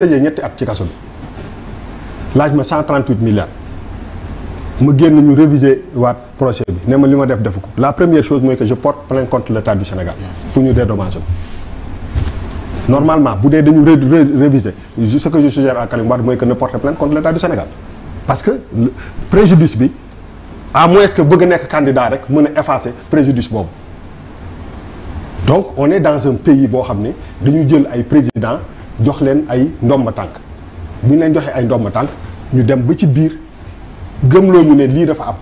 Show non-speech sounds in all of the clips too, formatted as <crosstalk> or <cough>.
tëjee ñetti at ci kaso bi laaj ma 138 milliards ma génn ñu réviser waat projet bi nee ma li ma def defu ko la première chose mooy que je porte plainte contre l'État du Sénégal pour ñu dédommager normalement bu dee dañu réviser ce que je suggère à Karim mooy que ne porte plainte contre du Sénégal parce que préjudice bi à moins que bëgg nekk candidat rek mën a effacer préjudice boobu donc on est dans un pays boo xam ne dañu jël ay président jox leen ay ndomba tànk bu ñu leen joxee ay ndomba tànk ñu dem ba ci biir gëm loo ñu ne lii dafa am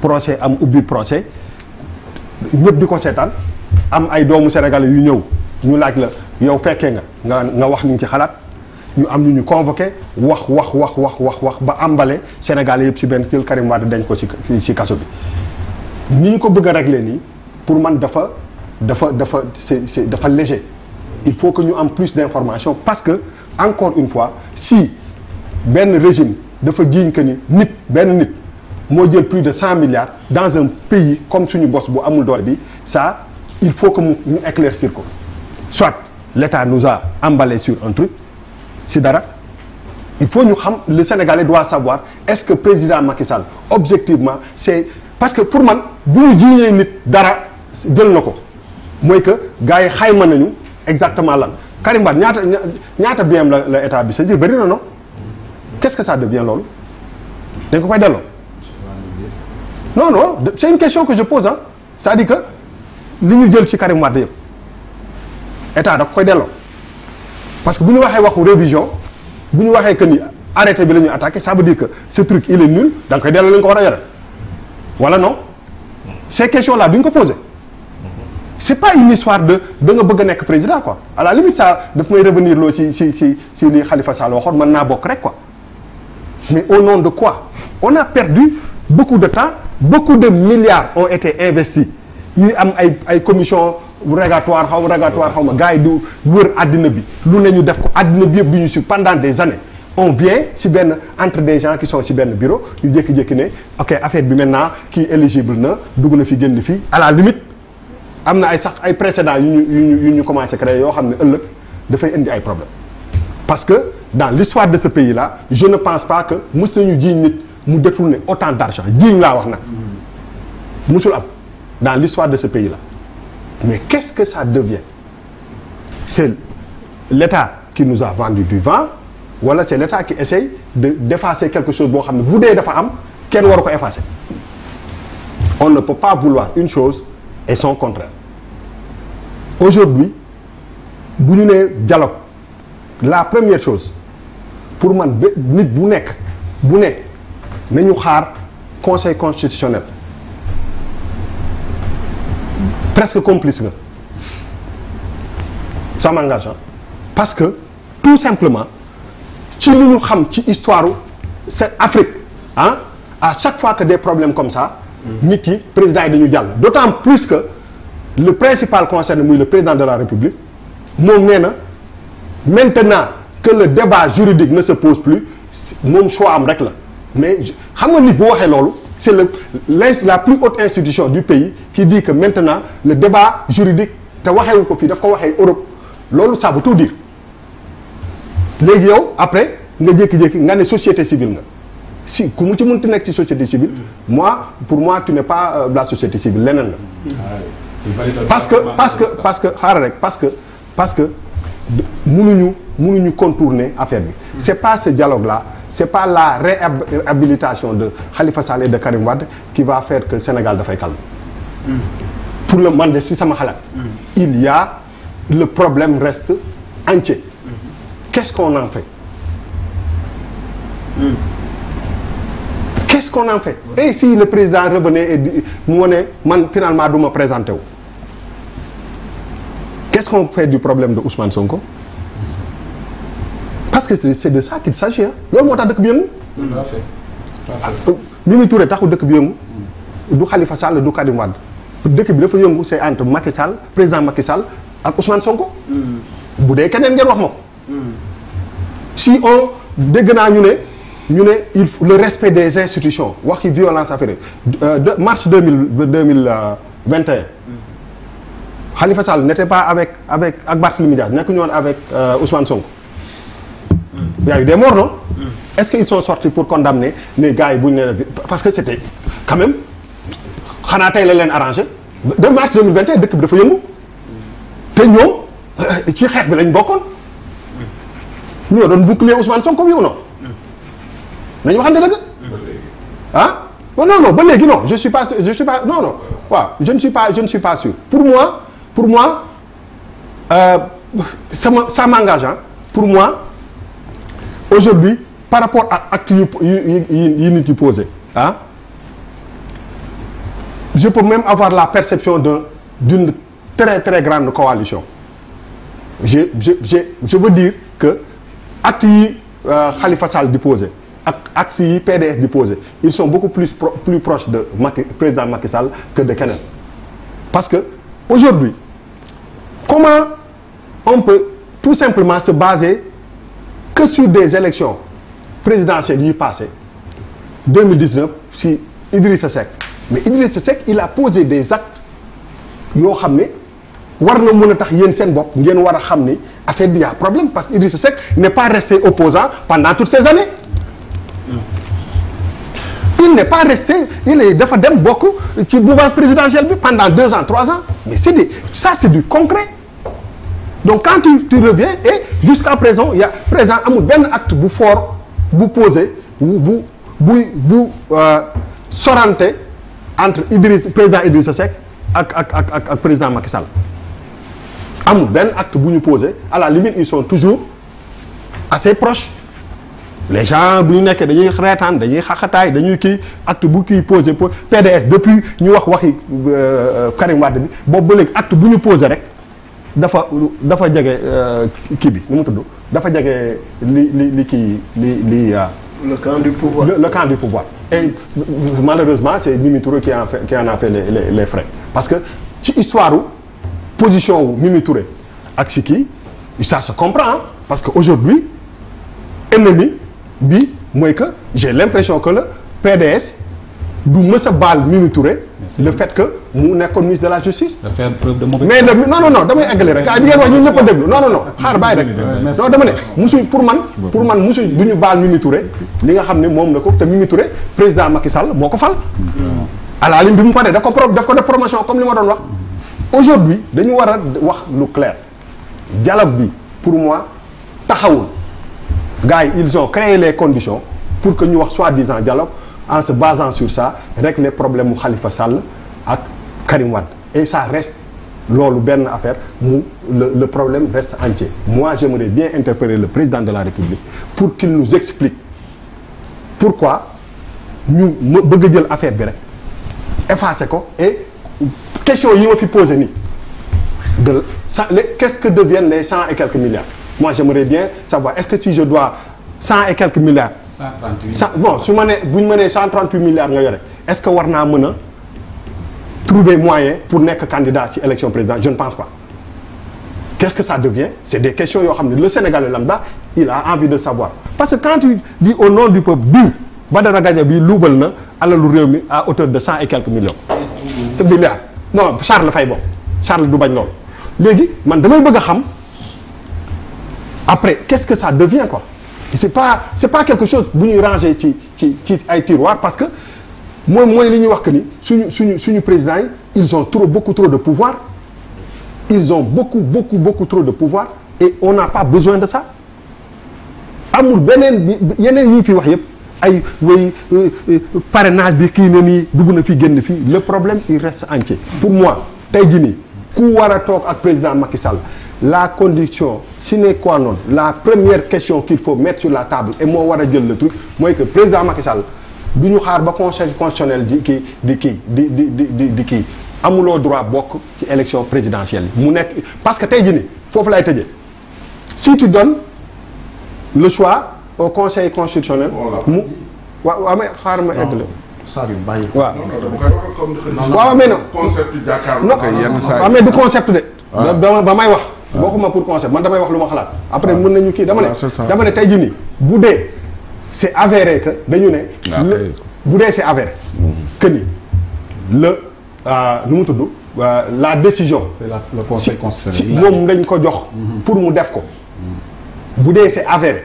procès am ubbi procès ñëpp di ko seetaan am ay doomu sénégalais yu ñëw ñu laaj la yow fekkee nga nga nga wax ni ci xalaat ñu am ñu ñu convoqué wax wax wax wax wax wax ba àmbale sénégalais yëpp ci benn jël Karim Wade dañ ko ci ci kaso bi ni ñu ko bëgg a réglé nii pour man dafa dafa dafa c'est c'est dafa léger il faut que ñu am plus d'informations parce que encore une fois si benn régime dafa jiiñ que ni nit benn nit moo jël plus de cent milliards dans un pays comme suñu bos bu amul doole bi ça il faut que mu ñu éclaircir ko soit l'État nous a emballé sur un si dara il faut ñu xam le Sénégalais doit savoir est-ce que président Macky Sall objectivement c'est parce que pour man bu ñu nit dara jël na ko mooy que gars yi xayma nañu. exactement lan Karim Wade ñaata ñaata bien la la état bi saisir bëri na non qu'est-ce que ça devient loolu dañ ko koy delloo. non non c'est une question que je pose ah c'est-à-dire que li ñu jël ci Karim Wade yëpp état da ko koy delloo parce que bu ñu waxee waxu révision bu ñu waxee que ni arrêté bi la ñu attaqué ça veut dire que ce truc il est nul da koy delloo li ko war a yore wala non ces questions là duñ ko poser. c' est pas une histoire de da nga bëgg a nekk président quoi à la limite ça daf may revenir loo ci ci ci ci li Khalifa Sall waxoon mën naa bokk rek ko mais au nom de quoi on a perdu beaucoup de temps beaucoup de milliards ont été investis ñuy am ay ay commission rogatoire xaw rogatoire xaw ma gars yi du wër àddina bi lu ne ñu def ko àddina bi yëpp bi ñu si pendant des années on vient si benn entre des gens qui sont si benn bureau ñu jékki-jékki ne ok affaire bi maintenant kii éligible na dugg na fi génn fi à am na ay sax ay précédents yu ñu yu ñu commencé créer yoo xam ne ëllëg dafay indi ay problèmes parce que dans l'histoire de ce pays la je ne pense pas que mës nañu jiiñ nit mu détourner autant d'argent jiiñ laa wax nag musul am dans l'histoire de ce pays la mais qu'est-ce que ça devient c'est l'État qui nous a vendu du vent wala c'est l'État qui essaye de d'effacer quelque chose boo xam ne bu dee dafa am kenn waru ko effacer on ne peut pas vouloir une chose et son contraire aujourd'hui bu ñu nee dialogue la première chose pour man ba nit bu nekk bu ne nañu xaar conseil constitutionnel presque complice nga ça m'engage parce que tout simplement ci lu ñu xam ci histoire c'est Afrique ah à chaque fois que des problème comme ça mm. nit yi président yi dañu jàll d'autant plus que le principal concerné muy le président de la république moom nee na maintenant que le débat juridique ne sa pose plus moom soo am rek la mais xam nga nit bu waxee loolu c'est le la plus haute institution du pays qui dii ko maintenant le débat juridique te waxeewu ko fii daf ko waxee Europe loolu ça veut tout dire léegi yow après nga jékki-jékki nga ne société civile nga si ku mu ci mënti nekk ci société civile moi pour moi tu n'es pas euh, la société civile leneen nga parce que parce que parce que xaaral rek parce que parce que mënuñu mënuñu contourner affaire bi. c' est pas ce dialogue là c' est pas la réhabilitation de Khalifa Sall et de Karim Wade qui va faire que Sénégal dafay calme. pour le man de si sama xalaat. il y le problème reste entier. qu' est ce qu'on qu'est-ce qu'on en fait et si le président revenait et mu ne man finalement du ma présenté wu. qu'est-ce qu'on fait du problème de Ousmane Sonko parce que c'est de sa qu'il s'agit ah loolu moo tax dëkk bi yëngu. tout à fait taxul dëkk bi yëngu. Mm. du Khalifa Sall du Karim Wade dëkk bi dafa yëngu c'est entre Macky Sall président Macky Sall ak Ousmane Sonko. Mm. bu dee keneen ngeen wax ma ko. Mm. si on dégg naa ñu ne ñu ne il faut le respect des institutions waxi violence affaire euh, de mars deux mille deux mille euh, vingt et un Khalifa Sall n'était pas avec avec ak Barthélémy Dias nekkuñu woon avec euh, Ousmane Sonko. y a eu des est-ce qu'ils sont sorti pour condamner ne gars yi bu ñu nee parce que c'était quand même xanaa tey la leen arrangé de mars 2021 dëkk bi dafa yëngu. te ñoom euh, ci xeex bi lañ bokkoon. ñoo doon boucler Ousmane Sonko bi ou non. nañu waxante dëgg. ah non non ba léegi non je suis pas je suis pas non pour moi. pour moi sama euh, ça m'engage pour moi aujourd'hui par rapport ak acte yu yu nit yi posé je peux même avoir la perception d'un d'une très très grande coalition je je je je veux dire que acte yi euh, Khalifa Sall di ak acte yi PDS di posé ils sont beaucoup plus pro, proches de Macky président Macky Sall que de keneen parce que aujourd'hui comment on peut tout simplement se baser que sur des élections présidentielles yu passé 2019 si Idrissa Seck mais Idrissa Seck il a posé des actes yoo xam ne war na mën a tax yéen seen bopp ngeen war a xam ni affaire bi y problème parce que Idrissa Seck n'est pas resté opposant pendant toutes ces années il n'est pas resté il est dafa dem bokk ci mouvance présidentielle bi pendant deux ans trois ans mais c'est du ça c'est du concret donc quanti tu tu reviens et jusqu'à présent il a présent amul benn acte bu fort bu posé bu bu bu euh, sorante entre Idriss président Idrissa Seck ak ak ak ak ak président Macky Sall amul benn acte bu ñu posé à la limite ils toujours assez proches les gens bu ñu nekkee dañuy reetaan dañuy xaxataay dañuy kii acte bu kii posé PDS depuis ñu wax waxi euh, Karim Wade bi boobu ba léegi acte bu ñu posé rek. dafa dafa jege euh, kii bi nu mu tudd dafa jege li li li kii li li. Euh, le camp du pouvoir le, le camp du pouvoir. et malheureusement c'est Mimi Touré qui en a fait les les, les parce que ci histoire u position wu Mimi Touré ak si kii ça se comprend parce que aujourd'hui ennemi bi mooy que j'ai l'impression que le PDS. du mës a baal Mimi le fait que mu nekkoon ministre de la justice. de faire preuve de mauvaise mais non non non damay eggale rek ah bi ngeen wax ñun ñëpp a déglu non non non xaar bàyyi rek. non dama ne musuñ pour man. pour man musuñ du ñu baal Mimi li nga xam ne moom na ko te Mimi Touré président Macky Sall moo ko fal. alaalim mm-hmm. bi mu paree daf ko pro daf ko def promotion comme li ma doon wax. aujourd'hui dañu war a wax lu clair dialogue bi pour moi taxawul gars yi ils ont créé les conditions pour que ñu wax soi-disant dialogue en se basant sur ça régler problème mu Khalifa Sall ak Karim Wade et ça reste loolu benn affaire mu le problème reste entier moi j'aimerais bien interpeller le président de la République pour qu'il nous explique pourquoi ñu ma bëgg a jël affaire bi rek effacer ko et question yi ma fi posé nii de ça qu'est-ce que deviennent les cent et quelques milliards moi j'aimerais bien savoir est-ce que si je dois cent et quelques milliards 138 bon su ma nee bu ñu ma nee 138 milliards nga yore est-ce que war naa mën a trouver moyen pour nekk candidat ci élection présidentielle je ne pense pas qu'est-ce que ça devient c'est des questions yoo xam ni le Sénégalais lambda il a envie de savoir parce que quant tu dis au nom du peuple diw Badara Gadiaga bi luubal na lu réew mi à hauteur de cent et quelques millions. c'est milliards non Charles fay bokk Charles du bañ loolu léegi man damay bëgg a xam après qu'est-ce que ça devient c'est pas c'est pas quelque chose bu ñuy ranger ci ci ci ay tiroir parce que mooy mooy li ñuy wax que ni suñu suñu suñu président yi ils ont trop beaucoup trop de pouvoir ils ont beaucoup beaucoup trop de pouvoir et on n'a pas besoin de ça amul beneen yeneen yi fi wax yëpp ay way euh, euh, parrainage bi kii na nii dugg na fi génn fii le problème il reste entier pour moi tey jii nii ku war a toog ak président Macky Sall la condition sine qua non la première question qu'il faut mettre sur la table et moo war a jël le truc mooy que président Macky Sall du ñu xaar ba conseil constitutionnel di kii di kii di di di di di kii amuloo droit bokk ci élection présidentielle yi mu nekk parce que tey jii ni foofu lay tëjee si tu donnes le choix o conseil constitutionnel mu waaw waaw mais xaar ma egg la Sadio bàyyi ko. waaw waaw mais non. waaw mais du concept de. ba may wax. Ah. waxuma pour conseil man damay wax lu ma xalaat. après ah. mën nañu kii dama ne. Ah, dama ne tey jii nii bu dee c' est avéré que dañu ne. bu dee c' est avéré. Mm-hmm. que ni la nu mu tudd la décision. c'est la le conseil constitutionnel moom dañ ko jox. Mm-hmm. pour mu def ko. Mm-hmm. bu dee c' est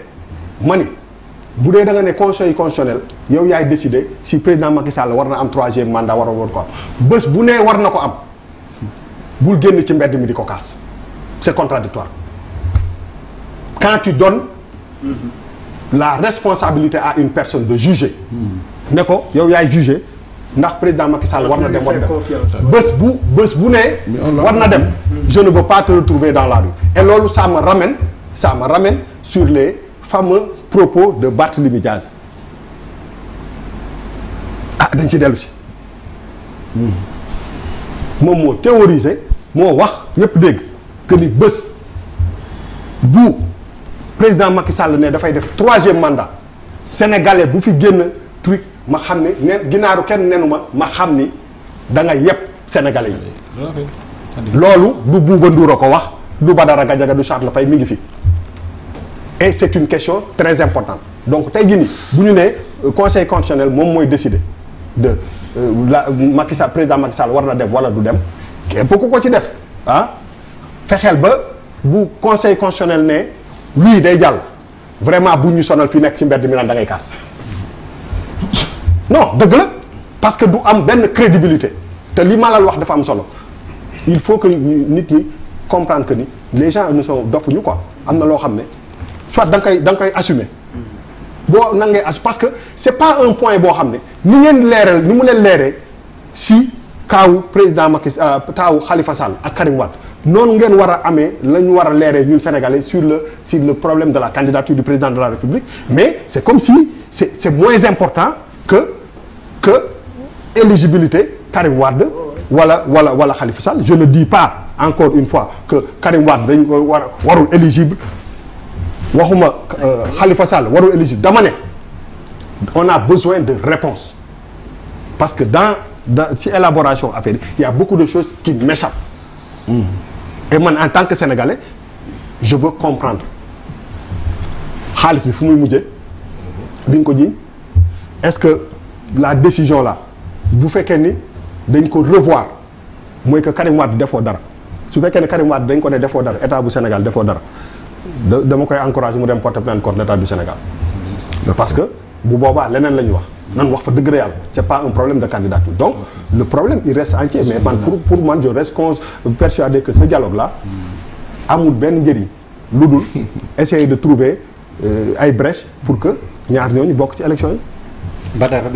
ma ni bu dee da nga ne conseil constitutionnel yow yaay décider si président Macky Sall war na am troisième mandat war a woon ko am bés bu nee war na ko am bul génn ci mbedd mi di ko kaas. c'est contradictoire quand tu donnes la responsabilité à une personne de juger ne ko yow yaay juger ndax président Macky Sall war na dem war na dem bés bu bës bu ne war na dem je ne veux pas te retrouver dans la rue et loolu ça me ramène ça me ramène sur les fameux propos de Barthélémy Diaz ah dañ ci dellu si hmm. moom moo théorisé moo wax ñëpp dégg que ni bës bu président Macky Sall ne dafay def troisième mandat sénégalais bu fi génn truc ma xam ne nen ginaaru kenn nenu ma ma xam ni da nga yëpp sénégalais yi loolu du Bouba Ndour a ko wax du Badara Gadiaga du Charles Faye mi ngi fi et c'est une question très importante donc tey jii nii bu ñu nee euh, conseil constitutionnel moom mooy décider de euh, la Macky Sall président Macky Sall war na dem wala du dem képp ku ko ci def ah fexeel ba bu conseil constitutionnel ne wii day jàll vraiment bu ñu sonal fi nekk ci mbedd mi naan dangay ngay kaas non dëgg la parce que du am benn crédibilité te li malal wax dafa am solo il faut que nit ñi comprendre que ni les gens ne sont dofuñu quoi am na loo xam ne soit da koy da nga koy assumer boo nangay ngay parce que c'est pas un point boo xam ne ni ngeen leeral ni mu leen leeree si. kaawu président Macky euh, taawu Khalifa Sall ak Karim Wade noonu ngeen war a amee la ñu war a leeree ñun sénégalis sur le sur le problème de la candidature du président de la République mais c'est comme si c'est c'est moins important que que éligibilité Karim Wade wala wala wala Khalifa Sall je ne dis pas encore une fois que Karim Wade dañu ko war warul éligible waxuma euh, Khalifa Sall warul éligible dama ne on a besoin de réponses parce que dans dans si élaboration affaire il y a beaucoup de choses man en tant que sénégalais je veux comprendre xaalis bi fu muy mujjee di nga ko jiñ est-ce que la décision la bu fekkee ni dañ ko revoir mooy que Karim Wade defoo dara su fekkee ne Karim Wade dañ ko ne defoo dara état bu Sénégal defoo dara dama koy encourager mu dem porter plainte contre l'état du Sénégal parce que bu boobaa leneen la ñu wax nan wax fa dëgg la yàlla c' est pas un problème de candidature donc le problème il reste entier mais man pour pour man je reste persuadé que ce dialogue là amul benn njëriñ lu dul <laughs> essayer de trouver euh, ay brèche pour que ñaar ñu bokk ci élection yi Badara